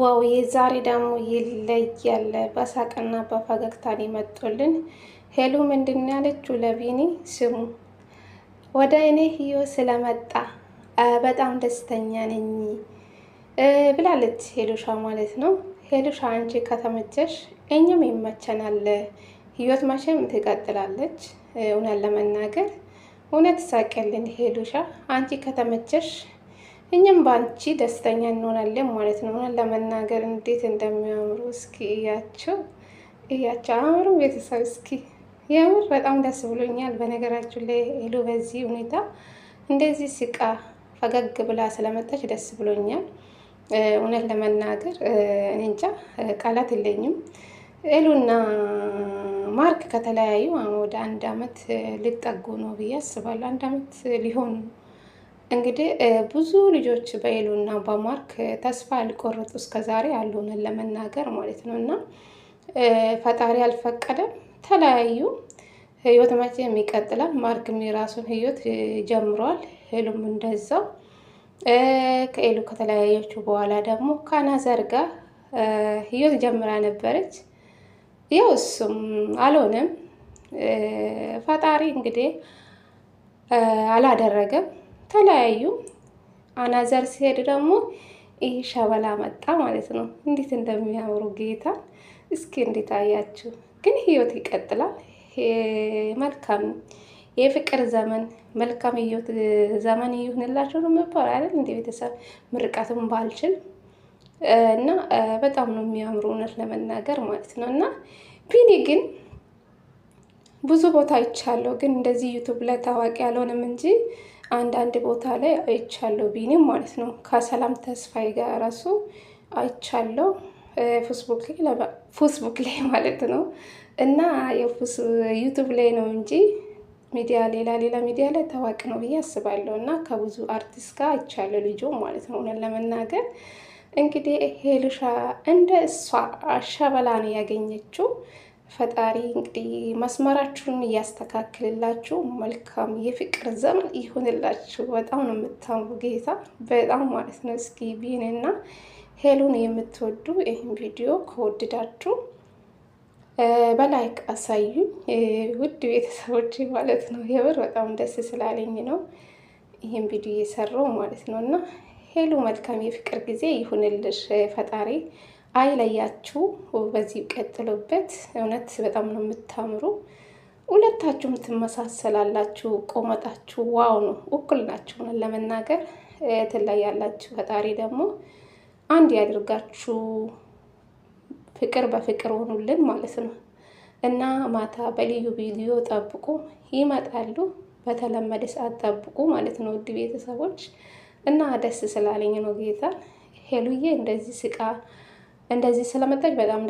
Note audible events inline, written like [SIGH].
ዋው የዛሬ ደግሞ ይለያል። በሳቅና በፈገግታን ይመጡልን። ሄሉ ምንድን ያለችው ለቢኒ ስሙ ወደ እኔ ህዮ ስለመጣ በጣም ደስተኛ ነኝ ብላለች ሄሉሻ ማለት ነው። ሄሉሻ አንቺ ከተመቸሽ እኛም ይመቸናል። ህይወት መቼም ትቀጥላለች። እውነት ለመናገር እውነት ሳቅልን ሄሉሻ አንቺ ከተመቸሽ እኛም በአንቺ ደስተኛ እንሆናለን ማለት ነው። ለመናገር እንዴት እንደሚያምሩ እስኪ እያቸው እያቸው አምሩ ቤተሰብ እስኪ የምር በጣም ደስ ብሎኛል። በነገራችሁ ላይ ሄሉ በዚህ ሁኔታ እንደዚህ ስቃ ፈገግ ብላ ስለመጣች ደስ ብሎኛል። እውነት ለመናገር እንጃ ቃላት የለኝም። ሄሉና ማርክ ከተለያዩ ወደ አንድ አመት ሊጠጉ ነው ብዬ አስባለሁ። አንድ አመት ሊሆን እንግዲህ ብዙ ልጆች በኤሉና በማርክ ተስፋ ያልቆረጡ እስከዛሬ ያልሆነን ለመናገር ማለት ነው። እና ፈጣሪ አልፈቀደም፣ ተለያዩ። ህይወት መቼም ይቀጥላል። ማርክም የራሱን ህይወት ጀምሯል፣ ሄሉም እንደዛው። ከኤሉ ከተለያየችው በኋላ ደግሞ ከናዘር ጋር ህይወት ጀምራ ነበረች። ያው እሱም አልሆነም። ፈጣሪ እንግዲህ አላደረገም። ተለያዩ። አናዘር ሲሄድ ደግሞ ይህ ሸበላ መጣ ማለት ነው። እንዴት እንደሚያምሩ ጌታ! እስኪ እንዴት አያችሁ? ግን ህይወት ይቀጥላል። መልካም የፍቅር ዘመን መልካም ህይወት ዘመን ይሁንላችሁ ነው የሚባል አይደል? እንደ ቤተሰብ ምርቃትም ባልችል እና በጣም ነው የሚያምሩ እውነት ለመናገር ማለት ነው። እና ቢኒ ግን ብዙ ቦታ ይቻለሁ፣ ግን እንደዚህ ዩቱብ ላይ ታዋቂ ያልሆንም እንጂ አንዳንድ ቦታ ላይ አይቻለሁ ቢኒም ማለት ነው ከሰላም ተስፋዬ ጋር ራሱ አይቻለሁ ፌስቡክ ላይ [LAUGHS] ማለት ነው። እና ዩቱብ ላይ ነው እንጂ ሚዲያ ሌላ ሌላ ሚዲያ ላይ ታዋቂ ነው ብዬ አስባለሁ። እና ከብዙ አርቲስት ጋር አይቻለሁ ልጆ ማለት ነው እውነት ለመናገር እንግዲህ ሄሉሻ እንደ እሷ አሸበላ ነው ያገኘችው። ፈጣሪ እንግዲህ መስመራችሁን እያስተካክልላችሁ መልካም የፍቅር ዘመን ይሁንላችሁ። በጣም ነው የምታምሩ ጌታ በጣም ማለት ነው። እስኪ ቢንና ሄሉን የምትወዱ ይህን ቪዲዮ ከወደዳችሁ በላይክ አሳዩ ውድ ቤተሰቦች ማለት ነው። የብር በጣም ደስ ስላለኝ ነው ይህን ቪዲዮ እየሰራው ማለት ነው። እና ሄሉ መልካም የፍቅር ጊዜ ይሁንልሽ ፈጣሪ አይለያችሁ። በዚህ ቀጥሎበት። እውነት በጣም ነው የምታምሩ። ሁለታችሁም ትመሳሰላላችሁ። ቆመጣችሁ ዋው ነው። እኩል ናችሁ ለመናገር ትለያላችሁ። ፈጣሪ ደግሞ አንድ ያድርጋችሁ። ፍቅር በፍቅር ሆኑልን ማለት ነው እና ማታ በልዩ ቪዲዮ ጠብቁ፣ ይመጣሉ። በተለመደ ሰዓት ጠብቁ ማለት ነው ውድ ቤተሰቦች። እና ደስ ስላለኝ ነው ጌታ ሄሉዬ እንደዚህ ስቃ እንደዚህ ስለመጣች በጣም